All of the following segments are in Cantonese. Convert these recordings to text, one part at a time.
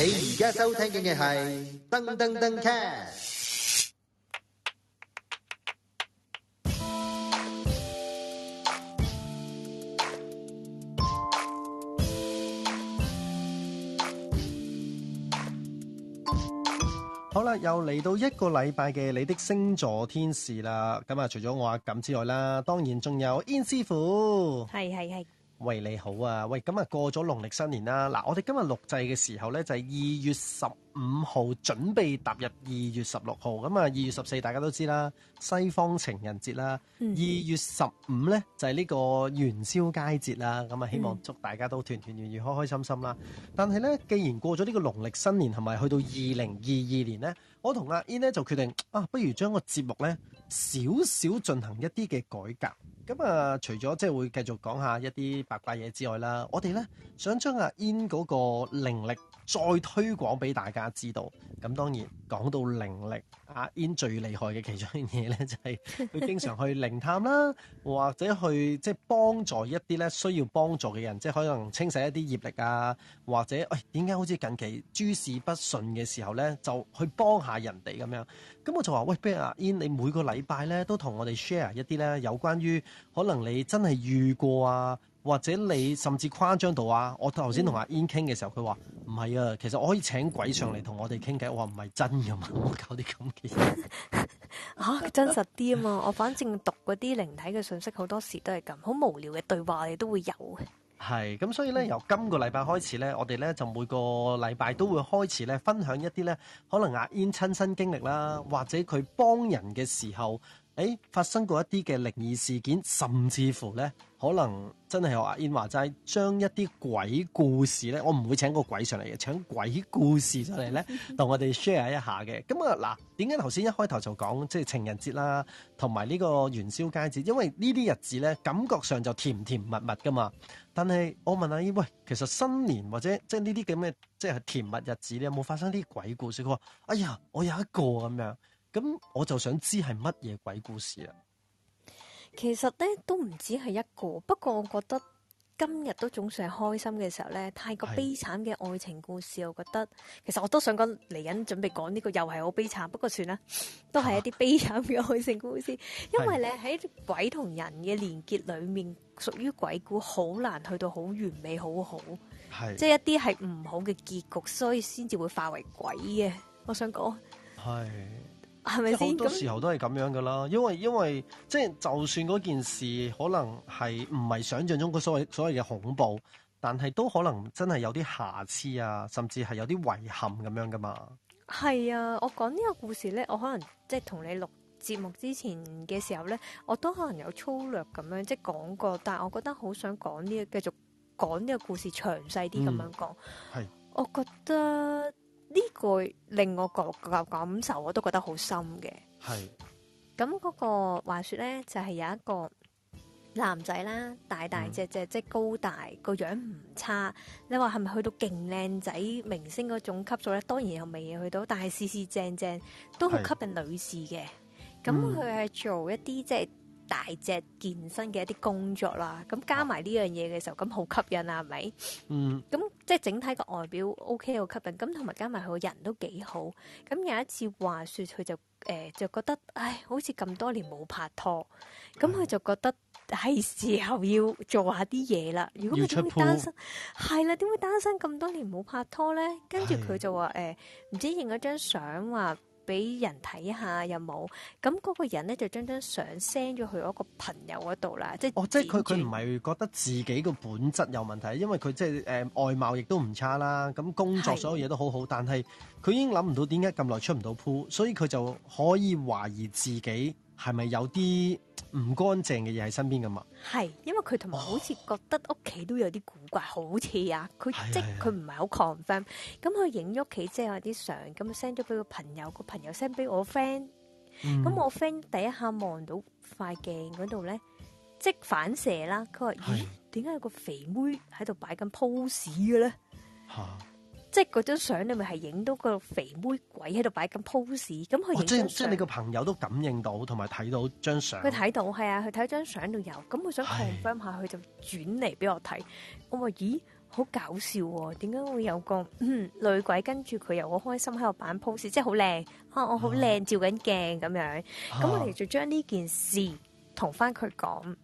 你而家收聽嘅係噔噔噔 cast。好啦，又嚟到一個禮拜嘅你的星座天使啦。咁啊，除咗我阿錦之外啦，當然仲有 In 師傅。係係係。喂你好啊，喂，咁啊過咗農曆新年啦，嗱，我哋今日錄製嘅時候呢，就係、是、二月十五號準備踏入二月十六號，咁啊二月十四大家都知啦，西方情人節啦，二、嗯、月十五呢，就係、是、呢個元宵佳節啦，咁、嗯、啊、嗯、希望祝大家都團團圓圓、開開心心啦。但係呢，既然過咗呢個農曆新年同埋去到二零二二年呢，我同阿 In 呢就決定啊，不如將個節目呢。少少進行一啲嘅改革，咁啊，除咗即係會繼續講下一啲八卦嘢之外啦，我哋咧想將阿、啊、In 嗰個靈力，再推廣俾大家知道，咁當然講到靈力，阿 In 最厲害嘅其中一樣嘢咧，就係、是、佢經常去靈探啦， 或者去即係、就是、幫助一啲咧需要幫助嘅人，即、就、係、是、可能清洗一啲業力啊，或者喂，點解好似近期諸事不順嘅時候咧，就去幫下人哋咁樣，咁我就話喂，不如阿 In 你每個禮拜咧都同我哋 share 一啲咧有關於可能你真係遇過啊～或者你甚至誇張到啊！我頭先同阿 In 傾嘅時候，佢話唔係啊，其實我可以請鬼上嚟同我哋傾偈。我話唔係真噶嘛？我搞啲咁嘅嘢吓，真實啲啊嘛。 我反正讀嗰啲靈體嘅信息，好多時都係咁，好無聊嘅對話你都會有嘅。係咁，所以咧，由今個禮拜開始咧，我哋咧就每個禮拜都會開始咧，分享一啲咧，可能阿 In 親身經歷啦，嗯、或者佢幫人嘅時候，誒、欸，發生過一啲嘅靈異事件，甚至乎咧。可能真係阿燕華齋將一啲鬼故事咧，我唔會請個鬼上嚟嘅，請鬼故事上嚟咧，同我哋 share 一下嘅。咁啊，嗱，點解頭先一開頭就講即係情人節啦，同埋呢個元宵佳節，因為呢啲日子咧，感覺上就甜甜蜜蜜噶嘛。但係我問阿燕喂，其實新年或者即係呢啲咁嘅，即係甜蜜日子，你有冇發生啲鬼故事？佢話：哎呀，我有一個咁樣，咁我就想知係乜嘢鬼故事啊！其實咧都唔止係一個，不過我覺得今日都總算係開心嘅時候咧。太過悲慘嘅愛情故事，是我覺得其實我都想講嚟緊，準備講呢個又係好悲慘，不過算啦，都係一啲悲慘嘅愛情故事。啊、因為咧喺是鬼同人嘅連結裡面，屬於鬼故好難去到好完美好好，即係是一啲係唔好嘅結局，所以先至會化為鬼嘅。我想講。係。係咪好多時候都係咁樣噶啦，因為因為即係就算嗰件事可能係唔係想象中嘅所謂所謂嘅恐怖，但係都可能真係有啲瑕疵啊，甚至係有啲遺憾咁樣噶嘛。係啊，我講呢個故事咧，我可能即係同你錄節目之前嘅時候咧，我都可能有粗略咁樣即係講過，但係我覺得好想講呢個繼續講呢個故事詳細啲咁樣講。係、嗯，我覺得。呢句令我覺感受我都覺得好深嘅。係是。咁嗰個話說咧，就係、是、有一個男仔啦，大大只隻，嗯、即係高大個樣唔差。你話係咪去到勁靚仔明星嗰種級數咧？當然又未去到，但係四四正正都好吸引女士嘅。咁佢係做一啲、嗯、即係。大隻健身嘅一啲工作啦，咁加埋呢樣嘢嘅時候，咁好吸引啊，係咪？嗯。咁即係整體個外表 OK，好吸引。咁同埋加埋佢個人都幾好。咁有一次話説佢就誒、呃、就覺得，唉，好似咁多年冇拍拖，咁佢就覺得係時候要做下啲嘢啦。如果佢點會單身？係啦，點會、啊、單身咁多年冇拍拖咧？跟住佢就話誒，唔知影咗張相話。俾人睇下有冇？咁嗰個人咧就將張相 send 咗去嗰個朋友嗰度啦。即係哦，即係佢佢唔係覺得自己個本質有問題，因為佢即係誒、呃、外貌亦都唔差啦。咁、嗯、工作所有嘢都好好，但係佢已經諗唔到點解咁耐出唔到鋪，所以佢就可以懷疑自己係咪有啲？唔乾淨嘅嘢喺身邊㗎嘛？係，因為佢同埋好似覺得屋企都有啲古怪，哦、好似啊，佢即佢唔係好 confirm。咁佢影咗屋企即有啲相，咁 send 咗俾個朋友，個朋友 send 俾、嗯、我 friend。咁我 friend 第一下望到塊鏡嗰度咧，即反射啦。佢話：咦，點解的有個肥妹喺度擺緊 pose 嘅咧？啊即係嗰張相你咪係影到個肥妹鬼喺度擺緊 pose，咁佢即係即係你個朋友都感應到，同埋睇到張相。佢睇到係啊，佢睇張相都有咁，佢想 confirm 下，佢唉就轉嚟俾我睇。我話，咦，好搞笑，啊，點解會有個、嗯、女鬼跟住佢？又好開心喺度擺緊 pose，即係好靚啊！我好靚，照緊鏡咁樣。咁我哋就將呢件事同返佢講。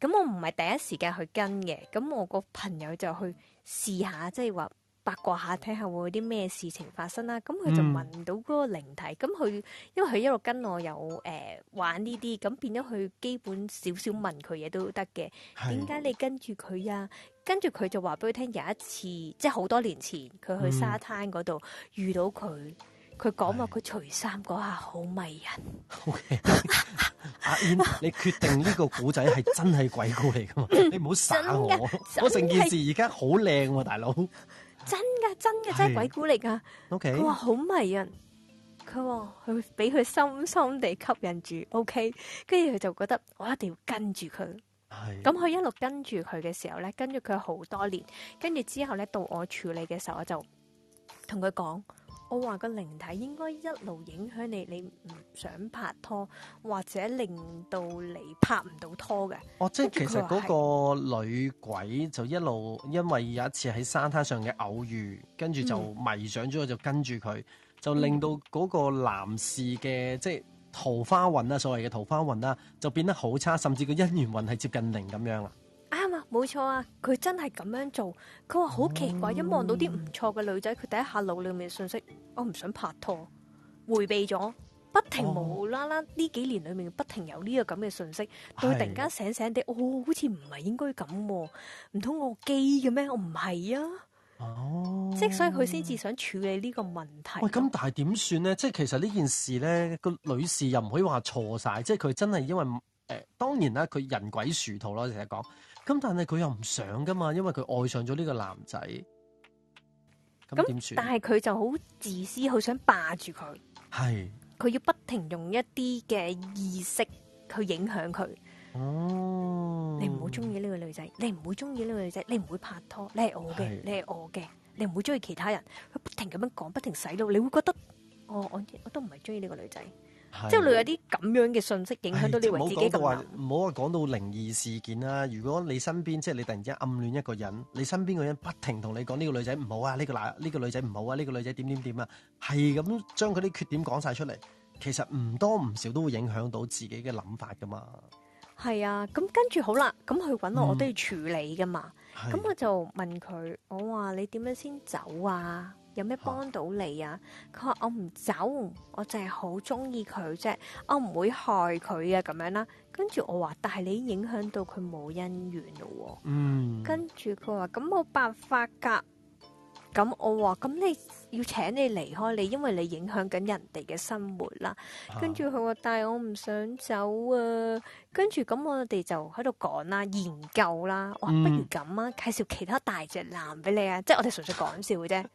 咁我唔係第一時間去跟嘅，咁我個朋友就去試下，即係話。八卦下，睇下會有啲咩事情發生啦。咁佢就問到嗰個靈體，咁佢因為佢一路跟我有誒、呃、玩呢啲，咁變咗佢基本少少問佢嘢都得嘅。點解你跟住佢啊？跟住佢就話俾佢聽，有一次即係好多年前，佢去沙灘嗰度遇到佢，佢講話佢除衫嗰下好迷人。的 OK，阿 In 你決定呢個古仔係真係鬼故嚟噶嘛？ 你唔好耍我，嗯、 我成件事而家好靚喎，大佬。真噶，真噶，真係鬼故嚟㗎！佢話好迷人啊，佢話佢會俾佢深深地吸引住。OK，跟住佢就覺得我一定要跟住佢。係咁的，佢一路跟住佢嘅時候咧，跟住佢好多年，跟住之後咧，到我處理嘅時候，我就同佢講。我話個靈體應該一路影響你，你唔想拍拖，或者令到你拍唔到拖嘅。哦，即係其實嗰個女鬼就一路，因為有一次喺沙灘上嘅偶遇，跟住就迷上咗，就跟住佢，嗯、就令到嗰個男士嘅即係桃花運啊，所謂嘅桃花運啊，就變得好差，甚至個姻緣運係接近零咁樣啦！冇錯啊！佢真係咁樣做。佢話好奇怪，哦、一望到啲唔錯嘅女仔，佢第一下腦裏面嘅信息，我唔想拍拖，迴避咗。不停無啦啦呢幾年裏面，不停有呢個咁嘅信息，到佢突然間醒醒哋，的哦，好似唔係應該咁、啊，唔通我 gay 嘅咩？我唔係啊！哦，即係所以佢先至想處理呢個問題。喂，咁但係點算咧？即係其實呢件事咧，個女士又唔可以話錯晒，即係佢真係因為誒、呃，當然啦，佢人鬼殊途咯，成日講。咁但係佢又唔想噶嘛，因為佢愛上咗呢個男仔。咁點算？但係佢就好自私，好想霸住佢。係。佢要不停用一啲嘅意識去影響佢。哦。你唔好中意呢個女仔，你唔會中意呢個女仔，你唔會拍拖。你係我嘅，你係我嘅，你唔會中意其他人。佢不停咁樣講，不停洗腦，你會覺得哦，我我我都唔係中意呢個女仔。即係你有啲咁樣嘅信息影響到你唉為自己咁諗。唔好講到靈異事件啦，如果你身邊即係你突然之間暗戀一個人，你身邊嘅人不停同你講，呢個女仔唔好啊，呢、這個男呢、這個女仔唔好啊，呢、這個女仔點點點啊，係咁將佢啲缺點講晒出嚟，其實唔多唔少都會影響到自己嘅諗法噶嘛。係啊，咁跟住好啦，咁去揾、我、嗯、我都要處理噶嘛。咁的我就問佢，我話你點樣先走啊？有咩幫到你啊？佢話我唔走，我淨係好中意佢啫，我唔會害佢啊咁樣啦。跟住我話，但係你影響到佢冇姻緣咯。嗯，跟住佢話咁冇辦法㗎。咁我話咁你要請你離開你，因為你影響緊人哋嘅生活啦。跟住佢話，啊、但係我唔想走啊。跟住咁我哋就喺度講啦，研究啦。我話，不如咁啊，介紹其他大隻男俾你啊，即係我哋純粹講笑嘅啫。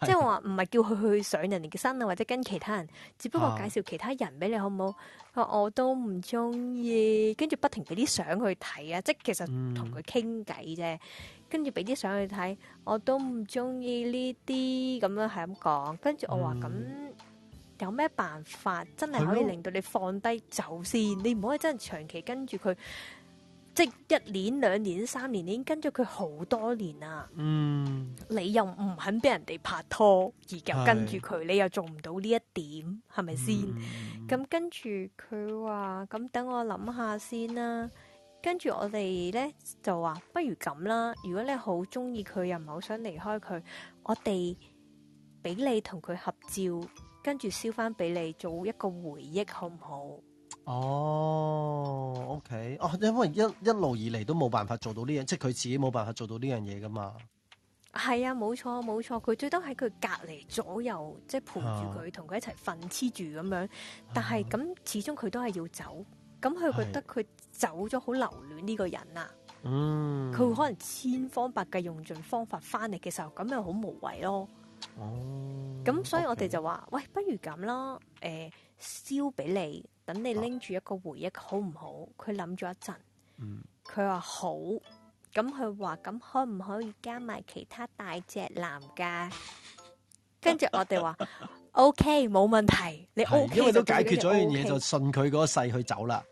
即係話唔係叫佢去上人哋嘅身啊，或者跟其他人，只不過介紹其他人俾你，好唔好？話、啊、我都唔中意，跟住不停俾啲相去睇啊。即係其實同佢傾偈啫。嗯跟住俾啲相去睇，我都唔中意呢啲咁樣，係咁講。跟住我話咁，嗯、有咩辦法？真係可以令到你放低走先，嗎你唔可以真係長期跟住佢，即一年、兩年、三年，已經跟住佢好多年啦。嗯，你又唔肯俾人哋拍拖，而又跟住佢，的你又做唔到呢一點，係咪先？咁、嗯、跟住佢話咁，等我諗下先啦。跟住我哋咧就話不如咁啦，如果你好中意佢又唔係好想離開佢，我哋俾你同佢合照，跟住燒翻俾你做一個回憶，好唔好？哦，OK，哦、啊，因為一一路以嚟都冇辦法做到呢樣，即係佢自己冇辦法做到呢樣嘢噶嘛。係啊，冇錯冇錯，佢最多喺佢隔籬左右，即係陪住佢，同佢、啊、一齊瞓黐住咁樣。但係咁、啊、始終佢都係要走，咁佢覺得佢。走咗好留戀呢個人啊，佢會可能千方百計用盡方法翻嚟嘅時候，咁咪好無謂咯。哦，咁所以我哋就話，喂，不如咁啦，誒，燒俾你，等你拎住一個回憶，好唔好？佢諗咗一陣，佢話好，咁佢話咁可唔可以加埋其他大隻男噶？跟住我哋話，OK，冇問題，你 OK，因為都解決咗一樣嘢，就順佢嗰個勢去走啦。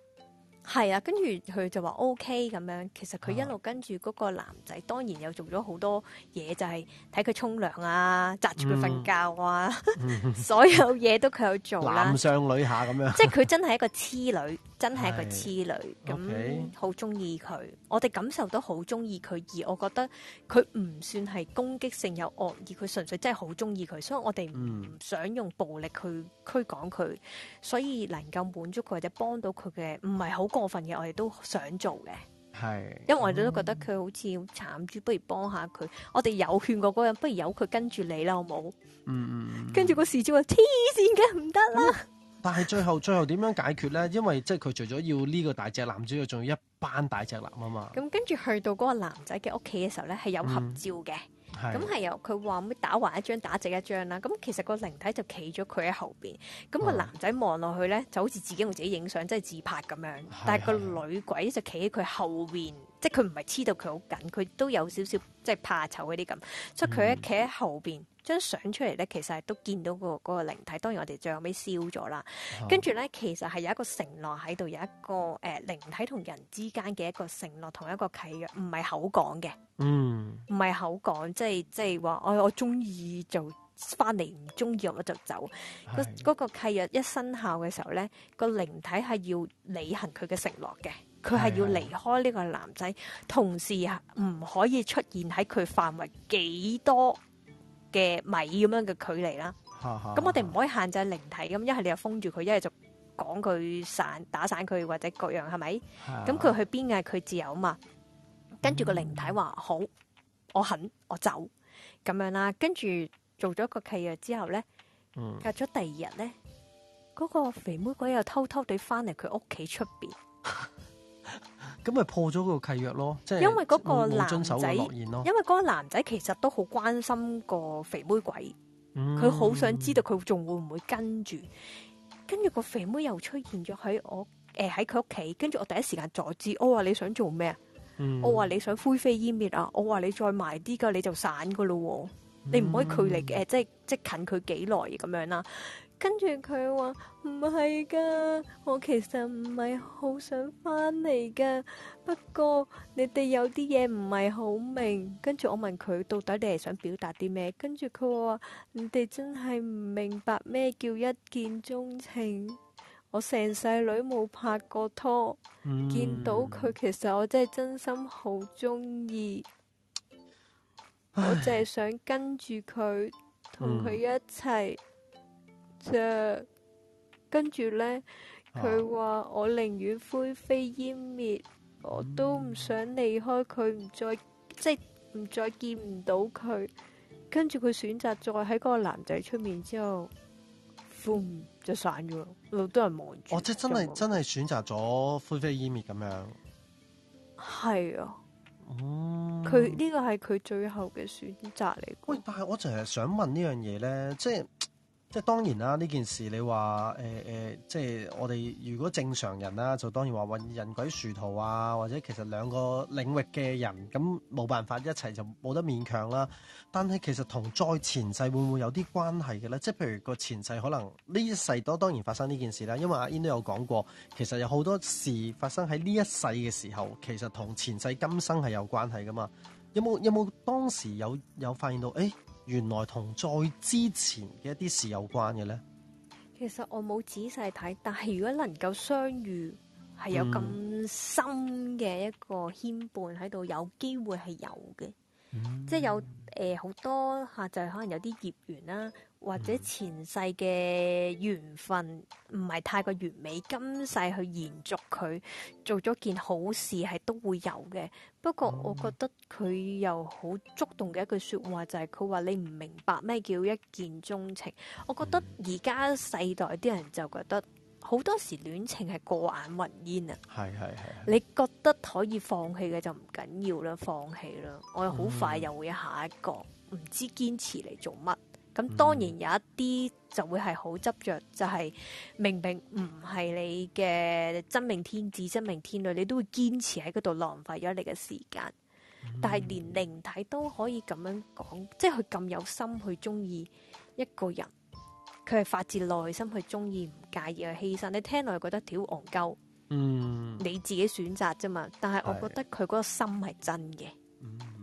係啊，跟住佢就話 OK 咁樣，其實佢一路跟住嗰個男仔，啊、當然又做咗好多嘢，就係睇佢沖涼啊，扎住佢瞓覺啊，嗯、 所有嘢都佢有做啦。男上女下咁樣，即係佢真係一個痴女，嗯、真係一個痴女，咁好中意佢。我哋感受都好中意佢，而我覺得佢唔算係攻擊性有惡意，佢純粹真係好中意佢，所以我哋唔想用暴力去驅趕佢，嗯、所以能夠滿足佢或者幫到佢嘅，唔係好。嗰分嘅我哋都想做嘅，係是，因為我哋都覺得佢好似慘，嗯、不如幫下佢。我哋有勸過嗰人，不如由佢跟住你好、嗯嗯、跟啦，好冇？嗯嗯，跟住個事主話黐線嘅，唔得啦。但係最後最後點樣解決咧？因為即係佢除咗要呢個大隻男仔，又仲要一班大隻男啊嘛。咁跟住去到嗰個男仔嘅屋企嘅時候咧，係有合照嘅。嗯咁係由佢話咩打橫一張打直一張啦，咁其實個靈體就企咗佢喺後邊，咁、嗯、個男仔望落去咧就好似自己同自己影相，即係自拍咁樣。的但係個女鬼就企喺佢後邊的，即係佢唔係黐到佢好緊，佢都有少少即係怕醜嗰啲咁，所以佢喺企喺後邊。嗯張相出嚟咧，其實係都見到個嗰個靈體。當然我哋最後尾燒咗啦。跟住咧，其實係有一個承諾喺度，有一個誒、呃、靈體同人之間嘅一個承諾，同一個契約，唔係口講嘅。嗯，唔係口講，即係即係話、哎、我我中意就翻嚟，唔中意我我就走。個嗰是、那個契約一生效嘅時候咧，個靈體係要履行佢嘅承諾嘅，佢係要離開呢個男仔，的同時啊唔可以出現喺佢範圍幾多嘅米咁樣嘅距離啦，咁 我哋唔可以限制靈體咁，一係 你又封住佢，一係就講佢散打散佢或者各樣，係咪？咁佢 去邊嘅佢自由啊嘛。跟住個靈體話 好，我肯我走咁樣啦。跟住做咗個契約之後咧， 隔咗第二日咧，嗰個肥妹鬼又偷偷哋翻嚟佢屋企出邊。 咁咪破咗個契約咯，即係因為嗰個男仔，冇遵守個諾言咯。因為嗰個男仔其實都好關心個肥妹鬼，佢好、嗯、想知道佢仲會唔會跟住。跟住個肥妹又出現咗喺我誒喺佢屋企，跟、呃、住我第一時間阻止。我話你想做咩啊？嗯、我話你想灰飛煙滅啊？我話你再埋啲噶你就散噶咯，嗯、你唔可以距離誒、呃、即即近佢幾耐咁樣啦。跟住佢話唔係噶，我其實唔係好想翻嚟噶。不過你哋有啲嘢唔係好明。跟住我問佢到底你係想表達啲咩？跟住佢話你哋真係唔明白咩叫一見鍾情。我成世女冇拍過拖，見到佢其實我真係真心好鍾意，我淨係想跟住佢，同佢一齊。跟住咧，佢話、啊、我寧願灰飛煙滅，我都唔想離開佢，唔再即係唔再見唔到佢。跟住佢選擇再喺嗰個男仔出面之後 b、啊、就散咗，好多人望住。我、啊、即係真係真係選擇咗灰飛煙滅咁樣。係啊，佢呢、嗯這個係佢最後嘅選擇嚟。喂，但係我淨係想問呢樣嘢咧，即係。即當然啦，呢件事你話誒誒，即係我哋如果正常人啦、啊，就當然話運人鬼殊途啊，或者其實兩個領域嘅人咁冇辦法一齊就冇得勉強啦。但係其實同再前世會唔會有啲關係嘅咧？即係譬如個前世可能呢一世都當然發生呢件事啦。因為阿 In 都有講過，其實有好多事發生喺呢一世嘅時候，其實同前世今生係有關係㗎嘛。有冇有冇當時有有發現到誒？誒原來同再之前嘅一啲事有關嘅咧，其實我冇仔細睇，但係如果能夠相遇，係有咁深嘅一個牽絆喺度，嗯、有機會係有嘅，嗯、即係有誒好、呃、多嚇、啊，就係、是、可能有啲業緣啦、啊。或者前世嘅緣分唔係太過完美，今世去延續佢做咗件好事，係都會有嘅。不過我覺得佢又好觸動嘅一句說話就係佢話你唔明白咩叫一見鍾情。我覺得而家世代啲人就覺得好多時戀情係過眼雲煙啊。係係係。 你覺得可以放棄嘅就唔緊要啦，放棄啦。我又好快又會下一個，唔知堅持嚟做乜。咁、嗯、當然有一啲就會係好執着，就係、係、明明唔係你嘅真命天子、真命天女，你都會堅持喺嗰度浪費咗你嘅時間。嗯、但係連靈體都可以咁樣講，即係佢咁有心去鍾意一個人，佢係發自內心去鍾意，唔介意去犧牲。你聽落覺得屌戇鳩，嗯，你自己選擇啫嘛。但係我覺得佢嗰個心係真嘅。嗯嗯嗯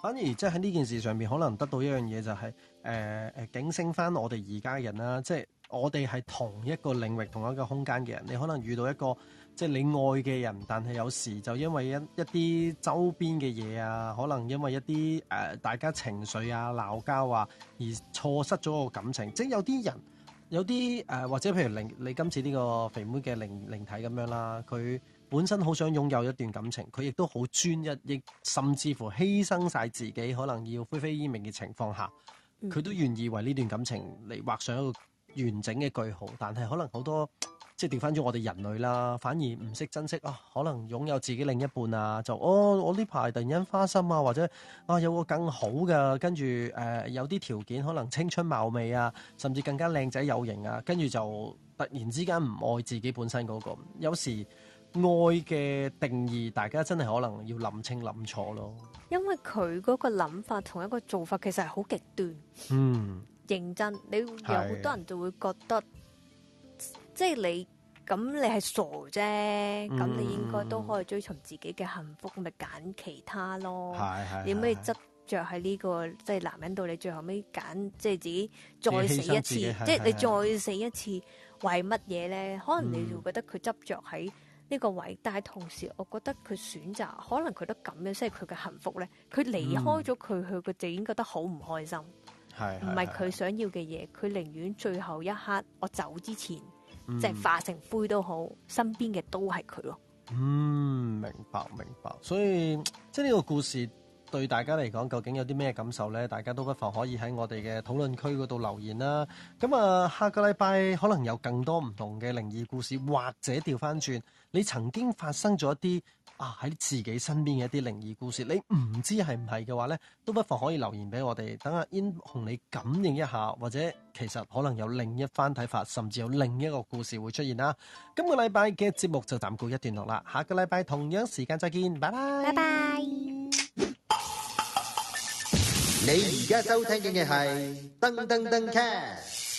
反而即係喺呢件事上面可能得到一樣嘢就係誒誒警醒翻我哋而家嘅人啦。即係我哋係同一個領域、同一個空間嘅人。你可能遇到一個即係你愛嘅人，但係有時就因為一一啲周邊嘅嘢啊，可能因為一啲誒、呃、大家情緒啊、鬧交啊，而錯失咗個感情。即係有啲人，有啲誒、呃、或者譬如靈，你今次呢個肥妹嘅靈靈體咁樣啦，佢。本身好想擁有一段感情，佢亦都好專一，亦甚至乎犧牲晒自己，可能要灰飛煙滅嘅情況下，佢都願意為呢段感情嚟畫上一個完整嘅句號。但係可能好多即係掉翻咗我哋人類啦，反而唔識珍惜啊。可能擁有自己另一半啊，就哦，我呢排突然間花心啊，或者啊有個更好嘅，跟住誒有啲條件可能青春貌美啊，甚至更加靚仔有型啊，跟住就突然之間唔愛自己本身嗰個有時。愛嘅定義，大家真係可能要諗清諗楚咯。因為佢嗰個諗法同一個做法，其實係好極端，嗯，認真。你有好多人就會覺得，的即係你咁，你係傻啫。咁、嗯、你應該都可以追尋自己嘅幸福，咪揀、嗯、其他咯。的你係、這個。有咩執着喺呢個即係男人度？你最後尾揀即係自己再死一次，即係你再死一次為乜嘢咧？的可能你就覺得佢執着喺。呢個位，但係同時，我覺得佢選擇可能佢都咁樣即係佢嘅幸福咧。佢離開咗佢，佢就、嗯、已經覺得好唔開心，唔係佢想要嘅嘢。佢寧願最後一刻我走之前，即係、嗯、化成灰都好，身邊嘅都係佢咯。嗯，明白明白，所以即係呢個故事。對大家嚟講，究竟有啲咩感受呢？大家都不妨可以喺我哋嘅討論區嗰度留言啦。咁啊，下個禮拜可能有更多唔同嘅靈異故事，或者調翻轉，你曾經發生咗一啲啊喺自己身邊嘅一啲靈異故事，你唔知係唔係嘅話呢，都不妨可以留言俾我哋，等阿 In 同你感應一下，或者其實可能有另一番睇法，甚至有另一個故事會出現啦。今個禮拜嘅節目就暫告一段落啦。下個禮拜同樣時間再見，拜拜。Bye bye. 你而家收聽嘅係噔噔噔 c a t